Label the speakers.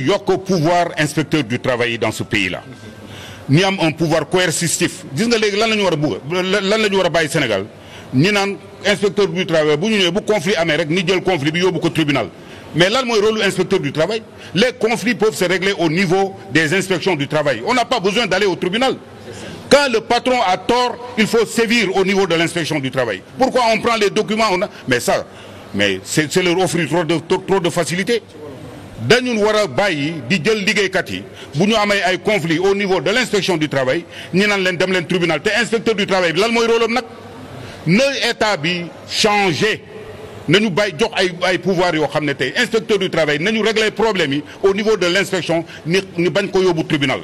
Speaker 1: ñu yokk pouvoir inspecteur du travail dans ce pays là ni am un pouvoir coercitif gis nga léegi lan la ñu war a bugg lan la ñu war a bàyyi Sénégal ñi naan inspecteur du travail bu ñu ñëwee bu conflit amee rek ni jël conflit bi yóbbu ko tribunal mais lan mooy rôle inspecteur du travail les conflits peuvent se régler au niveau des inspections du travail on n'a pas besoin d'aller au tribunal quand le patron a tort il faut sévir au niveau de l'inspection du travail pourquoi on prend les documents on a mais ça mais c'est leur offrir trop de trop de facilité dañu war a bàyyi di jël liggéeykat yi bu ñu amee ay conflit au niveau de l' inspection du travail ñi naan leen dem leen tribunal te inspecteur du travail bi lan mooy rôle nag na état bi changé nañu bàyyi jox ay ay pouvoir yoo xam ne tey inspecteur du travail nañu régler problème yi au niveau de l' inspection ni ni bañ ko yóbbu tribunal